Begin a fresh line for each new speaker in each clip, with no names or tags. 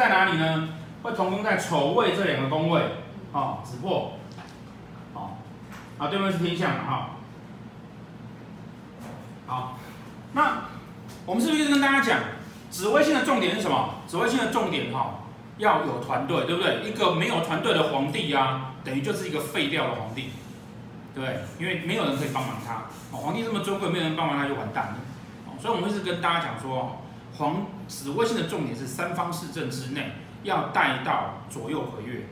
在哪裡呢？會同宮在丑未這兩個宮位，啊、哦，紫破，好、哦，啊，對面是天相嘛，哈、哦，好，那我們是不是一直跟大家講，紫微星的重點是什麼？紫微星的重點哈、哦，要有團隊，對不對？一個沒有團隊的皇帝啊，等於就是一個廢掉的皇帝，對不對，因為沒有人可以幫忙他、哦，皇帝這麼尊貴，沒人幫忙他就完蛋了、哦，所以我們一直跟大家講說。黃紫微星的重點是三方四正之內要帶到左右合月，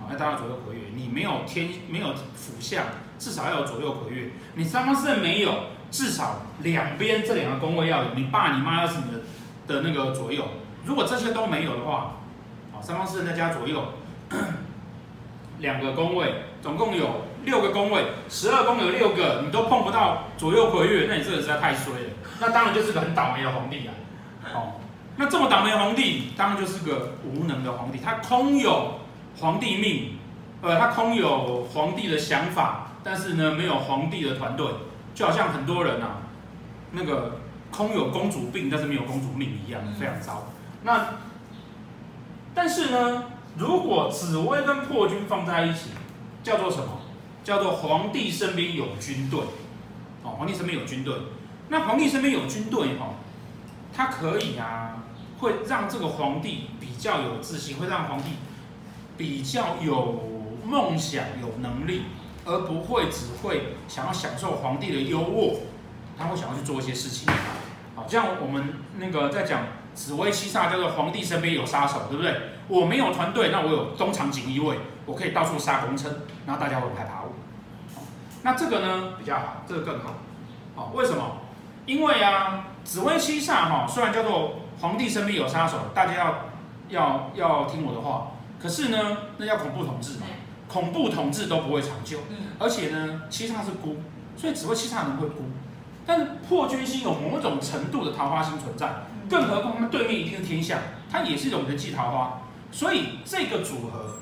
啊，要帶到左右合月。你沒有天沒有輔相，至少要有左右合月。你三方四正沒有，至少兩邊這兩個宮位要有，你爸你媽要是你的的那個左右，如果這些都沒有的話，啊，三方四正再加左右兩個宮位，總共有六個宮位，十二宮有六個，你都碰不到左右魁鉞，那你這個實在太衰了。那當然就是個很倒霉的皇帝啊！哦，那這麼倒霉的皇帝，當然就是個無能的皇帝。他空有皇帝命，呃，他空有皇帝的想法，但是呢，沒有皇帝的團隊，就好像很多人啊，那個空有公主病，但是沒有公主命一樣，非常糟。那但是呢，如果紫微跟破軍放在一起，叫做什麼？叫做皇帝身邊有軍隊，哦，皇帝身邊有軍隊，那皇帝身邊有軍隊，哦，他可以啊，會讓這個皇帝比較有自信，會讓皇帝比較有夢想、有能力，而不會只會想要享受皇帝的優渥，他會想要去做一些事情，好，這樣我們那個在講。紫微七煞叫做皇帝身邊有殺手，對不對？我沒有團隊，那我有東廠錦衣衛，我可以到處殺功臣，然後大家會害怕我。那這個呢比較好，這個更好。好，為什麼？因為啊，紫微七煞哈，雖然叫做皇帝身邊有殺手，大家要要要聽我的話，可是呢，那叫恐怖統治嘛，恐怖統治都不會長久。而且呢，七煞是孤，所以紫微七煞可能會孤，但是破軍星有某種程度的桃花星存在。更何況，他對面一定是天下，他也是一種人際桃花，所以這個組合，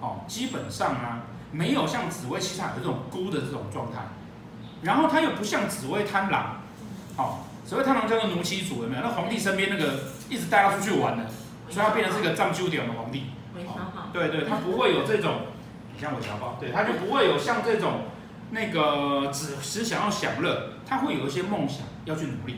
哦，基本上呢，沒有像紫微七殺的這種孤的這種狀態。然後他又不像紫微貪狼，好、哦，紫微貪狼叫做奴欺主，有沒有？那皇帝身邊那個一直帶他出去玩的，所以他變成是一個藏羞點的皇帝。韋小寶、哦、對、對對，他不會有這種，你像韋小寶，對，他就不會有像這種那個只是想要享樂，他會有一些夢想要去努力。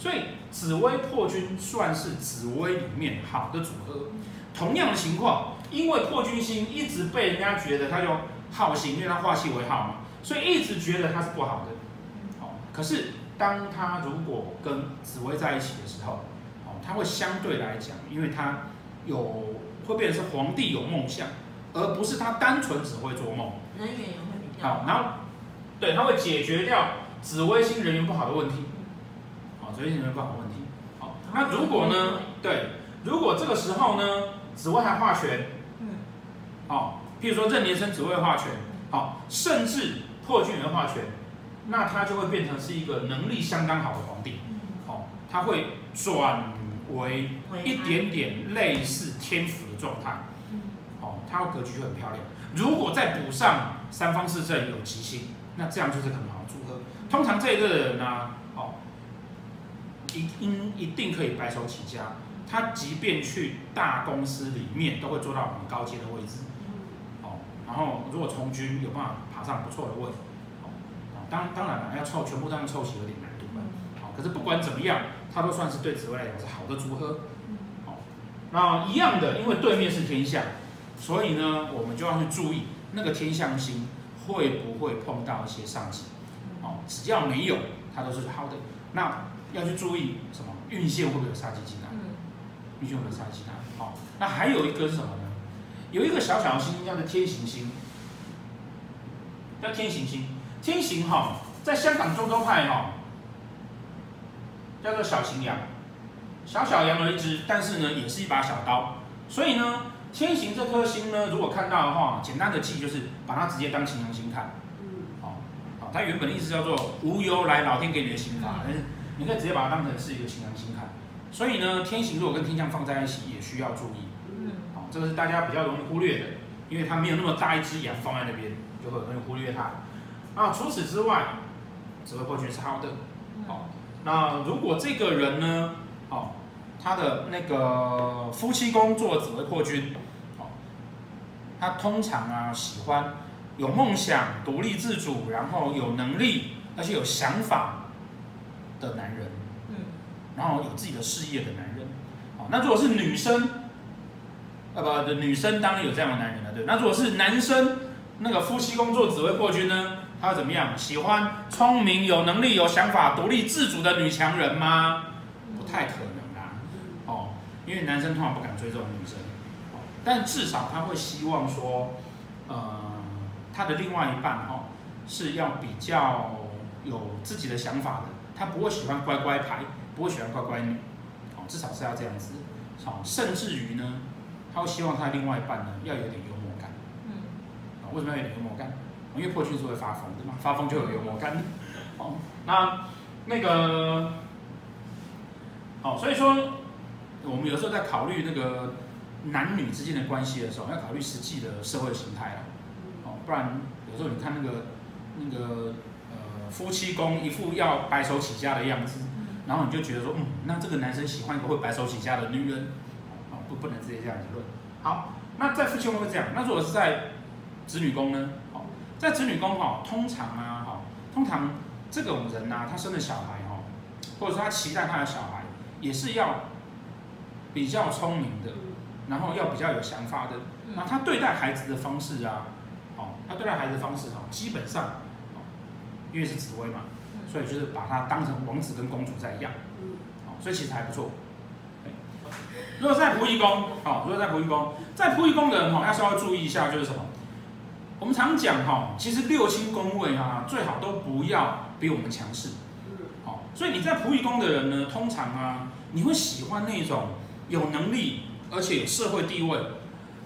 所以紫微破軍算是紫微裡面好的組合。同樣的情況，因為破軍星一直被人家覺得他有耗星，因為他化氣為耗嘛，所以一直覺得他是不好的。好，可是當他如果跟紫微在一起的時候，好，他會相對來講，因為他有會變成是皇帝有夢想，而不是他單純只會做夢。人緣也會比較好。然後對，他會解決掉紫微星人緣不好的問題。所以你們沒有辦法問題，好，那如果呢？對，如果這個時候呢，紫微還化權，嗯，好，譬如說壬年生紫微化權，好，甚至破軍也化權，那他就會變成是一個能力相當好的皇帝，好，他會轉為一點點類似天府的狀態，好，他的格局就很漂亮。如果再補上三方四正有吉星，那這樣就是很好的組合。通常這一個人呢、啊。一一定可以白手起家，他即便去大公司裡面，都會做到很高階的位置。哦，然後如果從軍，有辦法爬上不錯的位，當、哦、當然了，然要湊全部這樣湊齊有點難度了、哦。可是不管怎麼樣，他都算是對職位來講是好的組合。嗯、哦，那一樣的，因為對面是天相，所以呢，我們就要去注意那個天相星會不會碰到一些上級。哦，只要沒有，它都是好的。那。要去注意什麼運線會不會有煞忌呢？運、嗯、氣會沒有煞忌呢？好、哦，那還有一個是什麼呢？有一個小小的星星，叫做天刑星，叫天刑星。天刑哈、哦，在香港中州派哈、哦，叫做小擎羊小小羊而，兒一隻，但是呢，也是一把小刀。所以呢，天刑這顆星呢，如果看到的話，簡單的記就是把它直接當擎羊星看。好、嗯，好、哦，它原本的意思叫做無由來，老天給你的刑法。嗯你可以直接把它當成是一個情人星心看，所以呢，天刑如果跟天相放在一起，也需要注意。哦、這個是大家比較容易忽略的，因為它沒有那麼大一只眼放在那邊，就很容易忽略它。那、啊、除此之外，紫微破軍是好的。好、哦，那如果這個人呢，哦，他的那個夫妻宮坐紫微破軍，哦，他通常啊喜歡有夢想、獨立自主，然後有能力，而且有想法。的男人，嗯，然後有自己的事業的男人，好，哦，那如果是女生，呃，不，女生當然有這樣的男人了，對。那如果是男生，那個夫妻工作只會破軍呢，他會怎麼樣？喜歡聰明、有能力、有想法、獨立自主的女強人嗎？不太可能啦，哦，因為男生通常不敢追這種女生，哦，但至少他會希望說，呃，他的另外一半，哦，是要比較有自己的想法的。他不會喜歡乖乖牌，不會喜歡乖乖女，至少是要這樣子，甚至於呢，他會希望他另外一半呢要有點幽默感、嗯，為什麼要有點幽默感？因為破軍是會發瘋的嘛，發瘋就有幽默感，嗯、那那個，所以說，我們有時候在考慮那個男女之間的關係的時候，要考慮實際的社會形態，不然有時候你看那個那個。夫妻宮一副要白手起家的樣子，然後你就覺得說，嗯，那這個男生喜歡一個會白手起家的女人，啊，不不能直接這樣子論。好，那在夫妻宮會這樣，那如果是在子女宮呢？在子女宮哈，通常啊，哈，通常這種人啊，他生的小孩哦，或者說他期待他的小孩也是要比較聰明的，然後要比較有想法的，那他對待孩子的方式啊，他對待孩子的方式哈，基本上。因為是紫微嘛，所以就是把它當成王子跟公主在一樣，所以其實還不錯。如果在僕役宮，哦，如果在僕役宮，在僕役宮的人哈、哦，要稍微注意一下，就是什麼？我們常講哈、哦，其實六親宮位啊，最好都不要比我們強勢。好，所以你在僕役宮的人呢，通常啊，你會喜歡那種有能力，而且有社會地位，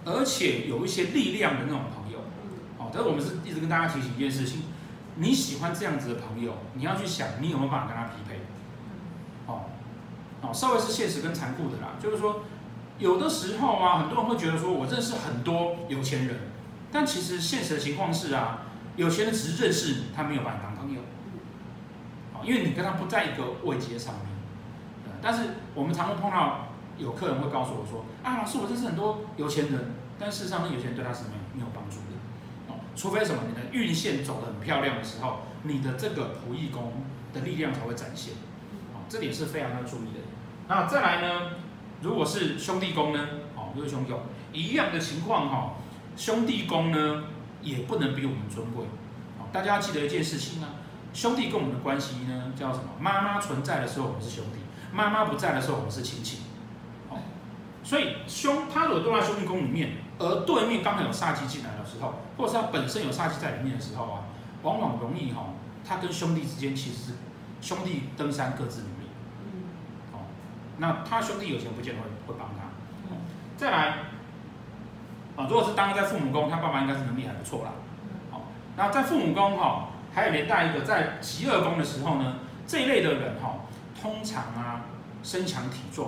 而且有一些力量的那種朋友。好，但是我們是一直跟大家提醒一件事情。你喜歡這樣子的朋友，你要去想，你有沒有辦法跟他匹配？哦，哦，稍微是現實跟殘酷的啦。就是說，有的時候啊，很多人會覺得說，我認識很多有錢人，但其實現實的情況是啊，有錢人只是認識你，他沒有把你當朋友。因為你跟他不在一個位階上面。但是我們常常碰到有客人會告訴我說，啊，老師，我認識很多有錢人，但事實上，有錢人對他是沒有沒有幫助。除非什麼，你的運線走得很漂亮的時候，你的這個僕役宮的力量才會展現，啊、哦，這點是非常要注意的。那再來呢，如果是兄弟宮呢，哦，各位兄弟宮、哦、一樣的情況哈、哦，兄弟宮呢也不能比我們尊貴、哦，大家要記得一件事情啊，兄弟跟我們的關係呢叫什麼？媽媽存在的時候我們是兄弟，媽媽不在的時候我們是親戚。所以兄，他如果住在兄弟宮裡面，而對面剛好有煞氣進來的時候，或是他本身有煞氣在裡面的時候啊，往往容易哈、哦，他跟兄弟之間其實是兄弟登山各自努力、嗯哦，那他兄弟有錢不見得會幫他、哦，再來，啊、哦，如果是當在父母宮，他爸爸應該是能力還不錯啦，好、哦，那在父母宮哈、哦，還有連帶一個在疾厄宮的時候呢，這一類的人哈、哦，通常啊，身強體壯。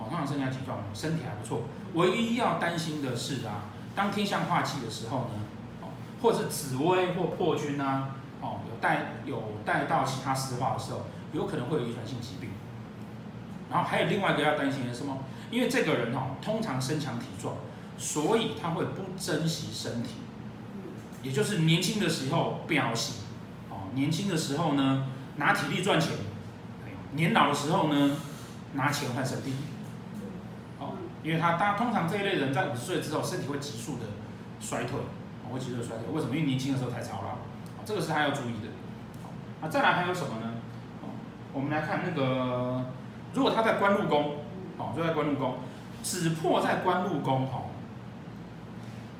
哦，通常身強體壯，身體還不錯。唯一要擔心的是啊，當天象化氣的時候呢，哦，或是紫微或破軍啊，哦，有帶有帶到其他四化的時候，有可能會有遺傳性疾病。然後還有另外一個要擔心的是什麼？因為這個人哦，通常身強體壯，所以他會不珍惜身體，也就是年輕的時候不養生哦，年輕的時候呢拿體力賺錢，年老的時候呢拿錢換身體。因為他，大通常這一類人在五十歲之後身體會急速的衰退，啊、哦，會急速的衰退。為什麼？因為年輕的時候太操勞了，這個是他要注意的。哦、啊，再來還有什麼呢、哦？我們來看那個，如果他在官祿宮，好、哦，就在官祿宮，紫破在官祿宮，好、哦，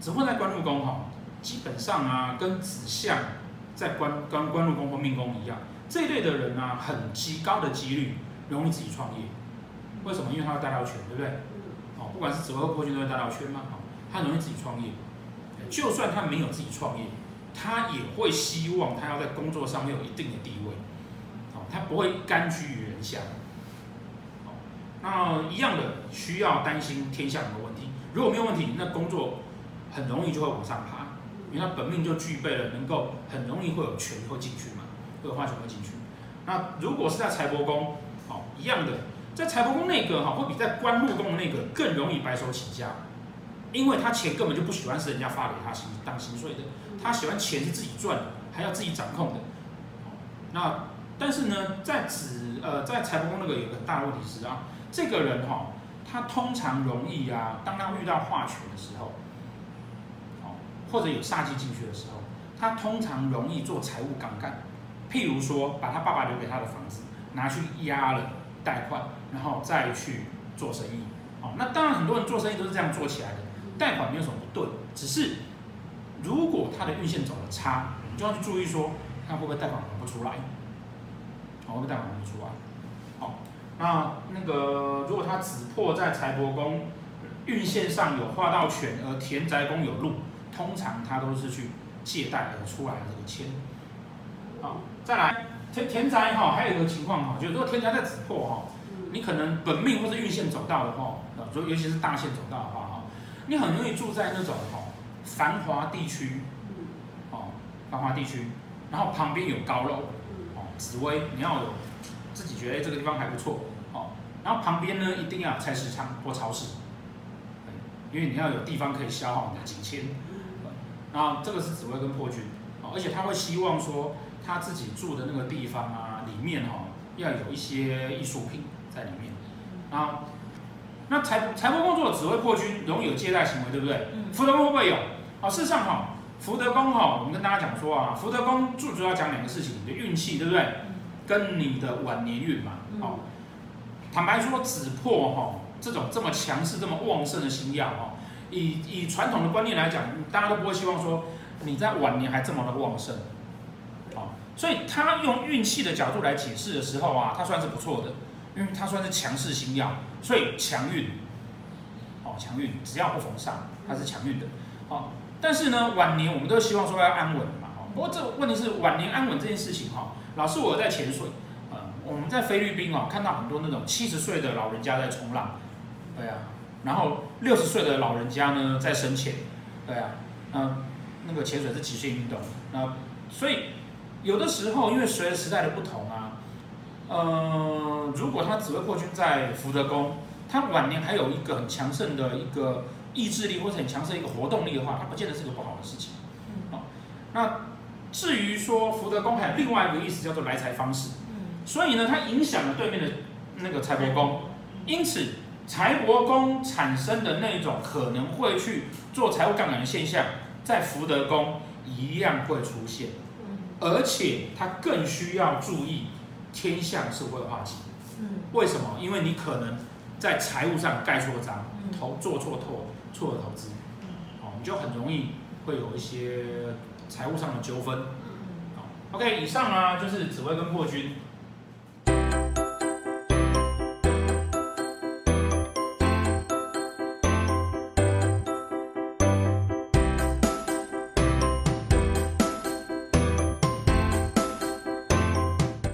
紫破在官祿宮，好、哦，基本上啊，跟紫相在官官官祿宮或命宮一樣，這一類的人呢、啊，很極高的幾率容易自己創業。為什麼？因為他有帶到權，對不對？哦、不管是紫微或破軍都會大到圈嘛，哦，他很容易自己創業。就算他沒有自己創業，他也會希望他要在工作上面有一定的地位，哦，他不會甘居人下，哦，那一樣的需要擔心天下有沒有問題。如果沒有問題，那工作很容易就會往上爬，因為他本命就具備了能夠很容易會有權會進去嘛，會有花錢會進去。那如果是在財帛宮，哦，一樣的。在財帛宮那個哈，會比在官祿宮那個更容易白手起家，因為他錢根本就不喜歡是人家發給他，當薪水的，他喜歡錢是自己賺的，還要自己掌控的。那但是呢，在子呃，在財帛宮那個有個大問題是啊，這個人哈、啊，他通常容易啊，當他遇到化權的時候，哦、啊，或者有煞氣進去的時候，他通常容易做財務槓桿，譬如說把他爸爸留給他的房子拿去押了。貸款，然後再去做生意，好、哦，那當然很多人做生意都是這樣做起來的，貸款沒有什麼不對，只是如果他的運限走得差，你就要去注意說，他會不會貸款還不出來，哦、會會貸款還不出來，好、哦，那那個如果他紫破在財帛宮，運限上有化到權，而田宅宮有祿，通常他都是去借貸而出來的這個錢，好、哦，再來。田田宅哈，還有一個情況哈，就是如果田宅在紫破哈，你可能本命或是運線走到的話，尤尤其是大線走到的話哈，你很容易住在那種哈繁華地區，嗯，哦繁華地區，然後旁邊有高樓，哦紫微你要有自己覺得這個地方還不錯哦，然後旁邊呢一定要有菜市場或超市，因為你要有地方可以消耗你的金錢，然後這個是紫微跟破軍，哦而且他會希望說。他自己住的那個地方啊，裡面哈、哦、要有一些藝術品在裡面、嗯、啊。那財財帛宮坐紫微破軍，容易有借貸行為，對不對？嗯、福德宮會不會有？好、啊，事實上哈、哦，福德宮哈、哦，我們跟大家講說啊，福德宮最主要講兩個事情：你的運氣，對不對？跟你的晚年運嘛。好、哦嗯，坦白說，紫破哈這種這麼強勢、這麼旺盛的星曜哈，以以傳統的觀念來講，大家都不會希望說你在晚年還這麼的旺盛。所以他用運氣的角度來解釋的時候啊，他算是不錯的，因為他算是強勢星曜。所以強運，哦，強運只要不逢煞，他是強運的。好、哦，但是呢，晚年我們都希望說要安穩嘛，哦、不過這個問題是晚年安穩這件事情哈、哦，老師我在潛水、呃，我們在菲律賓啊、哦，看到很多那種七十歲的老人家在衝浪，對、啊、然後六十歲的老人家呢在深潛，對嗯、啊呃，那個潛水是極限運動、呃，所以。有的時候，因為隨着時代的不同啊，呃，如果他紫微破軍在福德宮，他晚年還有一個很強盛的一個意志力，或者很強盛一個活動力的話，他不見得是個不好的事情。嗯、那至於說福德宮還有另外一個意思叫做來財方式、嗯，所以呢，它影響了對面的那個財帛宮，因此財帛宮產生的那種可能會去做財務槓桿的現象，在福德宮一樣會出現。而且他更需要注意天象社會話題。為什麼？因為你可能在財務上蓋錯章，投做錯投，錯的投資，好，你就很容易會有一些財務上的糾紛。好，OK，以上啊，就是紫微跟破軍。